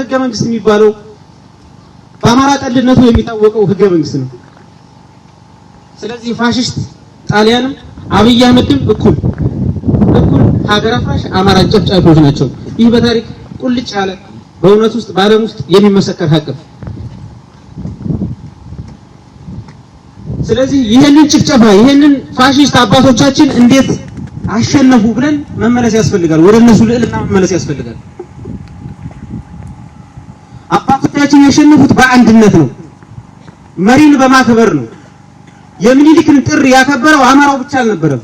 ህገ መንግስት የሚባለው በአማራ ጠልነቱ የሚታወቀው ህገ መንግስት ነው። ስለዚህ ፋሽስት ጣሊያንም አብይ አህመድም እኩል እኩል ሀገር አፍራሽ አማራ ጨፍጫፊዎች ናቸው። ይህ በታሪክ ቁልጭ ያለ በእውነት ውስጥ በዓለም ውስጥ የሚመሰከር ሀቅ ነው። ስለዚህ ይህንን ጭፍጨፋ ይህንን ፋሽስት አባቶቻችን እንዴት አሸነፉ ብለን መመለስ ያስፈልጋል። ወደ እነሱ ልዕልና መመለስ ያስፈልጋል። መኳንንቶቻችን ያሸነፉት በአንድነት ነው፣ መሪን በማክበር ነው። የምኒልክን ጥሪ ያከበረው አማራው ብቻ አልነበረም።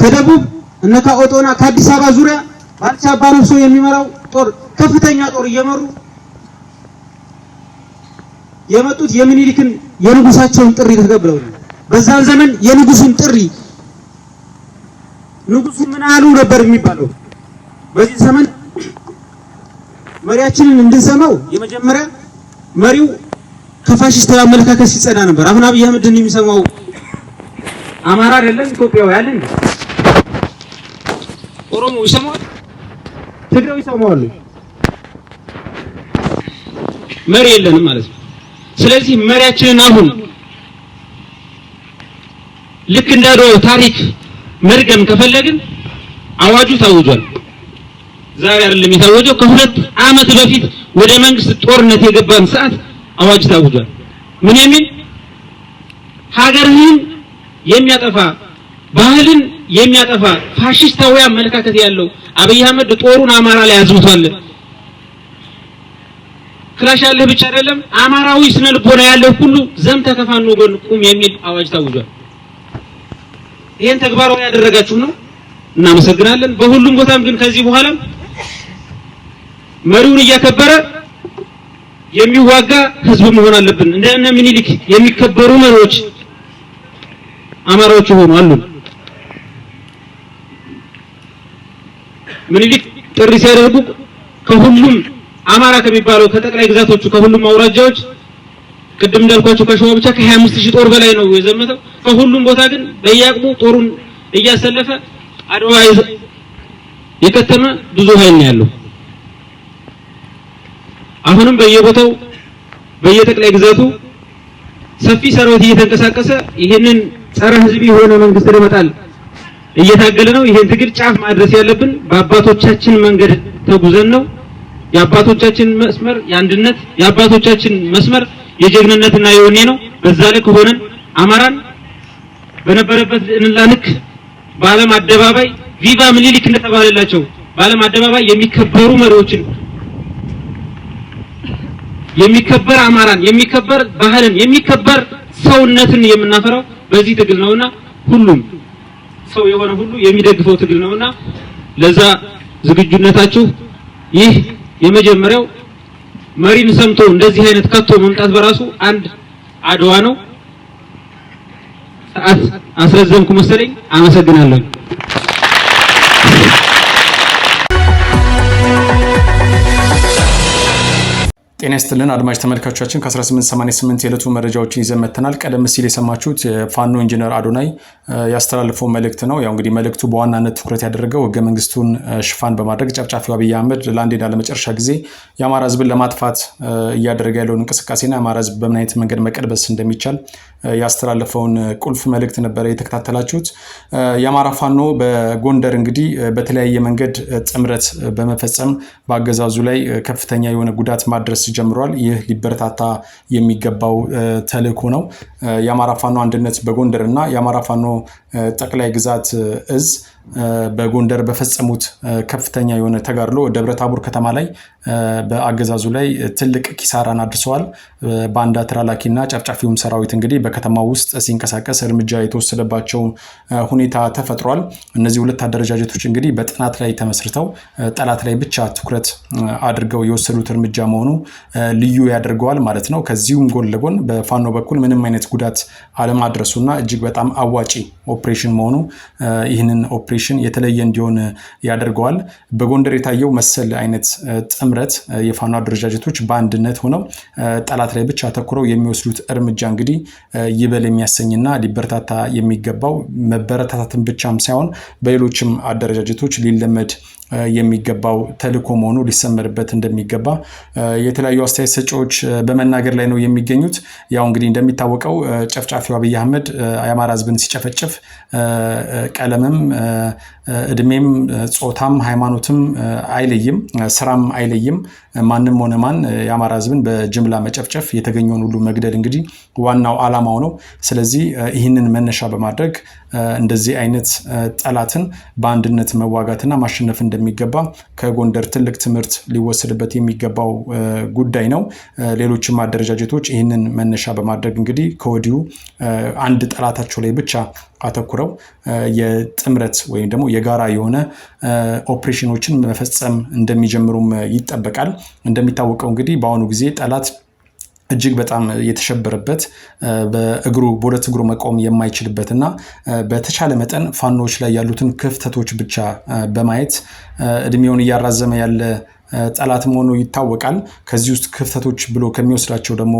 ከደቡብ እነ ከኦቶና ከአዲስ አበባ ዙሪያ ባልቻ አባ ነፍሶ የሚመራው ጦር ከፍተኛ ጦር እየመሩ የመጡት የምኒልክን የንጉሳቸውን ጥሪ ተቀብለው ነው። በዛን ዘመን የንጉሱን ጥሪ ንጉሱ ምን አሉ ነበር የሚባለው። በዚህ ዘመን መሪያችንን እንድንሰማው የመጀመሪያ መሪው ከፋሽስት አመለካከት ሲጸዳ ነበር። አሁን አብይ ነው የሚሰማው አማራ አይደለም፣ ኢትዮጵያው አይደለም፣ ኦሮሞ ይሰማዋል፣ ትግራዊ ይሰማዋል። መሪ የለንም ማለት ነው። ስለዚህ መሪያችንን አሁን ልክ እንዳለው ታሪክ መድገም ከፈለግን አዋጁ ታውጇል። ዛሬ አይደለም የታወጀው፣ ከሁለት አመት በፊት ወደ መንግስት ጦርነት የገባን ሰዓት አዋጅ ታውጇል። ምን የሚል ሀገርህን የሚያጠፋ ባህልን የሚያጠፋ ፋሽስታዊ አመለካከት ያለው አብይ አህመድ ጦሩን አማራ ላይ አዝምቷል። ክላሽ ያለህ ብቻ አይደለም አማራዊ ስነልቦና ያለው ሁሉ ዘምተህ ከፋኖ ጎን ቁም የሚል አዋጅ ታውጇል። ይሄን ተግባራዊ ያደረጋችሁ ነው፣ እናመሰግናለን። በሁሉም ቦታም ግን ከዚህ በኋላ መሪውን እያከበረ የሚዋጋ ህዝብ መሆን አለብን። እንደነ ምኒልክ የሚከበሩ መሪዎች አማራዎች ሆኑ አሉ። ምኒልክ ጥሪ ሲያደርጉ ከሁሉም አማራ ከሚባለው ከጠቅላይ ግዛቶቹ ከሁሉም አውራጃዎች ቅድም እንዳልኳቸው ከሸዋ ብቻ ከ25 ሺህ ጦር በላይ ነው የዘመተው። ከሁሉም ቦታ ግን በየአቅሙ ጦሩን እያሰለፈ አድዋ የከተመ ብዙ ኃይል ነው ያለው። አሁንም በየቦታው በየጠቅላይ ግዛቱ ሰፊ ሰራዊት እየተንቀሳቀሰ ይህንን ጸረ ህዝብ የሆነ መንግስት ለመጣል እየታገለ ነው። ይሄን ትግል ጫፍ ማድረስ ያለብን በአባቶቻችን መንገድ ተጉዘን ነው። የአባቶቻችን መስመር የአንድነት የአባቶቻችን መስመር የጀግንነትና የወኔ ነው። በዛ ልክ ሆነን አማራን በነበረበት እንላንክ በዓለም አደባባይ ቪቫ ምኒልክ እንደተባለላቸው በዓለም አደባባይ የሚከበሩ መሪዎችን የሚከበር አማራን የሚከበር ባህልን የሚከበር ሰውነትን የምናፈራው በዚህ ትግል ነውና ሁሉም ሰው የሆነ ሁሉ የሚደግፈው ትግል ነውና ለዛ ዝግጁነታችሁ ይህ የመጀመሪያው መሪም ሰምቶ እንደዚህ አይነት ከቶ መምጣት በራሱ አንድ አድዋ ነው። ሰዓት አስረዘምኩ መሰለኝ። አመሰግናለሁ። ጤና ይስጥልን አድማጭ ተመልካቾቻችን ከ1888 የዕለቱ መረጃዎችን ይዘን መጥተናል። ቀደም ሲል የሰማችሁት የፋኖ ኢንጂነር አዶናይ ያስተላልፈው መልእክት ነው። ያው እንግዲህ መልእክቱ በዋናነት ትኩረት ያደረገው ህገ መንግስቱን ሽፋን በማድረግ ጨፍጫፊው አብይ አህመድ ለአንዴና ለመጨረሻ ጊዜ የአማራ ህዝብን ለማጥፋት እያደረገ ያለውን እንቅስቃሴና የአማራ ህዝብ በምን አይነት መንገድ መቀልበስ እንደሚቻል ያስተላለፈውን ቁልፍ መልእክት ነበረ የተከታተላችሁት። የአማራ ፋኖ በጎንደር እንግዲህ በተለያየ መንገድ ጥምረት በመፈጸም በአገዛዙ ላይ ከፍተኛ የሆነ ጉዳት ማድረስ ጀምሯል። ይህ ሊበረታታ የሚገባው ተልዕኮ ነው። የአማራ ፋኖ አንድነት በጎንደር እና የአማራ ፋኖ ጠቅላይ ግዛት እዝ በጎንደር በፈጸሙት ከፍተኛ የሆነ ተጋድሎ ደብረ ታቦር ከተማ ላይ በአገዛዙ ላይ ትልቅ ኪሳራን አድርሰዋል። ባንዳ ተላላኪና ጨፍጫፊውም ሰራዊት እንግዲህ በከተማ ውስጥ ሲንቀሳቀስ እርምጃ የተወሰደባቸው ሁኔታ ተፈጥሯል። እነዚህ ሁለት አደረጃጀቶች እንግዲህ በጥናት ላይ ተመስርተው ጠላት ላይ ብቻ ትኩረት አድርገው የወሰዱት እርምጃ መሆኑ ልዩ ያደርገዋል ማለት ነው። ከዚሁም ጎን ለጎን በፋኖ በኩል ምንም አይነት ጉዳት አለማድረሱና እጅግ በጣም አዋጪ ኦፕሬሽን መሆኑ ይህንን ኦፕሬሽን የተለየ እንዲሆን ያደርገዋል። በጎንደር የታየው መሰል አይነት ጥምረት የፋኖ አደረጃጀቶች በአንድነት ሆነው ጠላት ላይ ብቻ አተኩረው የሚወስዱት እርምጃ እንግዲህ ይበል የሚያሰኝና ሊበረታታ የሚገባው መበረታታትን ብቻም ሳይሆን በሌሎችም አደረጃጀቶች ሊለመድ የሚገባው ተልእኮ መሆኑ ሊሰመርበት እንደሚገባ የተለያዩ አስተያየት ሰጪዎች በመናገር ላይ ነው የሚገኙት። ያው እንግዲህ እንደሚታወቀው ጨፍጫፊው አብይ አህመድ የአማራ ሕዝብን ሲጨፈጭፍ ቀለምም፣ እድሜም፣ ጾታም፣ ሃይማኖትም አይለይም፣ ስራም አይለይም። ማንም ሆነ ማን የአማራ ህዝብን በጅምላ መጨፍጨፍ የተገኘውን ሁሉ መግደል እንግዲህ ዋናው አላማው ነው። ስለዚህ ይህንን መነሻ በማድረግ እንደዚህ አይነት ጠላትን በአንድነት መዋጋትና ማሸነፍ እንደሚገባ ከጎንደር ትልቅ ትምህርት ሊወሰድበት የሚገባው ጉዳይ ነው። ሌሎችም አደረጃጀቶች ይህንን መነሻ በማድረግ እንግዲህ ከወዲሁ አንድ ጠላታቸው ላይ ብቻ አተኩረው የጥምረት ወይም ደግሞ የጋራ የሆነ ኦፕሬሽኖችን መፈጸም እንደሚጀምሩም ይጠበቃል። እንደሚታወቀው እንግዲህ በአሁኑ ጊዜ ጠላት እጅግ በጣም የተሸበረበት በእግሩ በሁለት እግሩ መቆም የማይችልበት እና በተቻለ መጠን ፋኖዎች ላይ ያሉትን ክፍተቶች ብቻ በማየት እድሜውን እያራዘመ ያለ ጠላት መሆኑ ይታወቃል። ከዚህ ውስጥ ክፍተቶች ብሎ ከሚወስዳቸው ደግሞ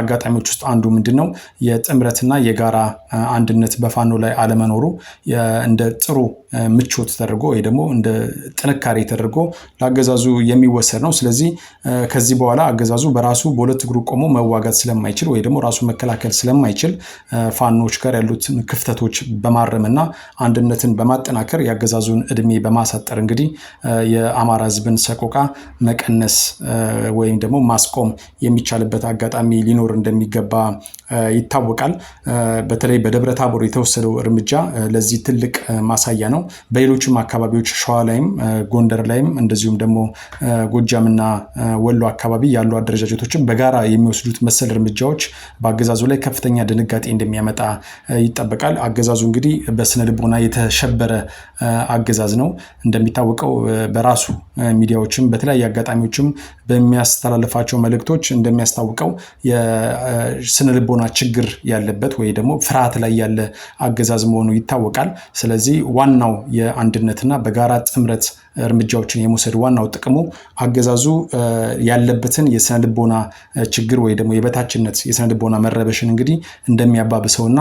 አጋጣሚዎች ውስጥ አንዱ ምንድን ነው የጥምረትና የጋራ አንድነት በፋኖ ላይ አለመኖሩ እንደ ጥሩ ምቾት ተደርጎ ወይ ደግሞ እንደ ጥንካሬ ተደርጎ ለአገዛዙ የሚወሰድ ነው። ስለዚህ ከዚህ በኋላ አገዛዙ በራሱ በሁለት እግሩ ቆሞ መዋጋት ስለማይችል ወይ ደግሞ ራሱ መከላከል ስለማይችል ፋኖች ጋር ያሉትን ክፍተቶች በማረምና አንድነትን በማጠናከር የአገዛዙን እድሜ በማሳጠር እንግዲህ የአማራ ህዝብን ሰቆቃ መቀነስ ወይም ደግሞ ማስቆም የሚቻልበት አጋጣሚ ሊኖር እንደሚገባ ይታወቃል። በተለይ በደብረ ታቦር የተወሰደው እርምጃ ለዚህ ትልቅ ማሳያ ነው። በሌሎችም አካባቢዎች ሸዋ ላይም ጎንደር ላይም እንደዚሁም ደግሞ ጎጃምና ወሎ አካባቢ ያሉ አደረጃጀቶችም በጋራ የሚወስዱት መሰል እርምጃዎች በአገዛዙ ላይ ከፍተኛ ድንጋጤ እንደሚያመጣ ይጠበቃል። አገዛዙ እንግዲህ በስነ ልቦና የተሸበረ አገዛዝ ነው። እንደሚታወቀው በራሱ ሚዲያዎችም በተለያዩ አጋጣሚዎችም በሚያስተላልፋቸው መልእክቶች እንደሚያስታውቀው የስነልቦና ችግር ያለበት ወይ ደግሞ ፍርሃት ላይ ያለ አገዛዝ መሆኑ ይታወቃል። ስለዚህ ዋናው የአንድነትና በጋራ ጥምረት እርምጃዎችን የመውሰድ ዋናው ጥቅሙ አገዛዙ ያለበትን የስነ ልቦና ችግር ወይ ደግሞ የበታችነት የስነ ልቦና መረበሽን እንግዲህ እንደሚያባብሰውና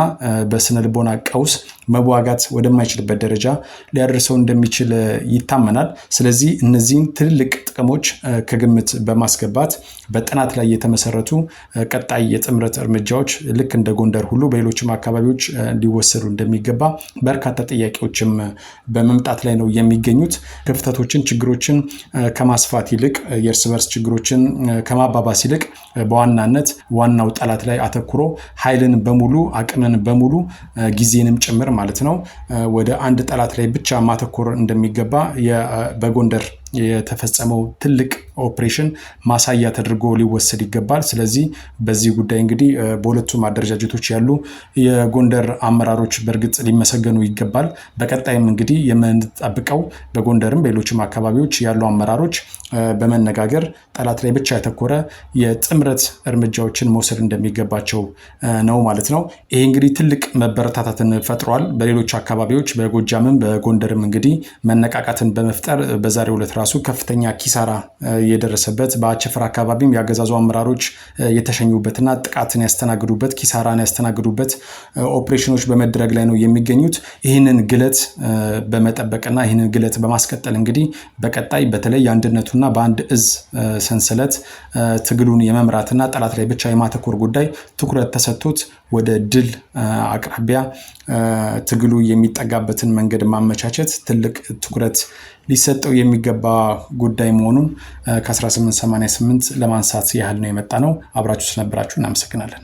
በስነ ልቦና ቀውስ መዋጋት ወደማይችልበት ደረጃ ሊያደርሰው እንደሚችል ይታመናል። ስለዚህ እነዚህን ትልልቅ ጥቅሞች ከግምት በማስገባት በጥናት ላይ የተመሰረቱ ቀጣይ የጥምረት እርምጃዎች ልክ እንደ ጎንደር ሁሉ በሌሎችም አካባቢዎች እንዲወሰዱ እንደሚገባ በርካታ ጥያቄዎችም በመምጣት ላይ ነው የሚገኙት። ክፍተቶችን፣ ችግሮችን ከማስፋት ይልቅ የእርስ በርስ ችግሮችን ከማባባስ ይልቅ በዋናነት ዋናው ጠላት ላይ አተኩሮ ኃይልን በሙሉ አቅምን በሙሉ ጊዜንም ጭምር ማለት ነው ወደ አንድ ጠላት ላይ ብቻ ማተኮር እንደሚገባ በጎንደር የተፈጸመው ትልቅ ኦፕሬሽን ማሳያ ተደርጎ ሊወሰድ ይገባል። ስለዚህ በዚህ ጉዳይ እንግዲህ በሁለቱም አደረጃጀቶች ያሉ የጎንደር አመራሮች በእርግጥ ሊመሰገኑ ይገባል። በቀጣይም እንግዲህ የምንጠብቀው በጎንደርም በሌሎችም አካባቢዎች ያሉ አመራሮች በመነጋገር ጠላት ላይ ብቻ ያተኮረ የጥምረት እርምጃዎችን መውሰድ እንደሚገባቸው ነው ማለት ነው። ይሄ እንግዲህ ትልቅ መበረታታትን ፈጥሯል። በሌሎች አካባቢዎች በጎጃምም በጎንደርም እንግዲህ መነቃቃትን በመፍጠር በዛሬው ዕለት ራሱ ከፍተኛ ኪሳራ የደረሰበት በአቸፈር አካባቢም የአገዛዙ አመራሮች የተሸኙበትና ጥቃትን ያስተናግዱበት ኪሳራን ያስተናግዱበት ኦፕሬሽኖች በመድረግ ላይ ነው የሚገኙት። ይህንን ግለት በመጠበቅና ይህንን ግለት በማስቀጠል እንግዲህ በቀጣይ በተለይ የአንድነቱና በአንድ እዝ ሰንሰለት ትግሉን የመምራትና ጠላት ላይ ብቻ የማተኮር ጉዳይ ትኩረት ተሰጥቶት ወደ ድል አቅራቢያ ትግሉ የሚጠጋበትን መንገድ ማመቻቸት ትልቅ ትኩረት ሊሰጠው የሚገባ ጉዳይ መሆኑን ከ1888 ለማንሳት ያህል ነው የመጣ ነው። አብራችሁ ስለነበራችሁ እናመሰግናለን።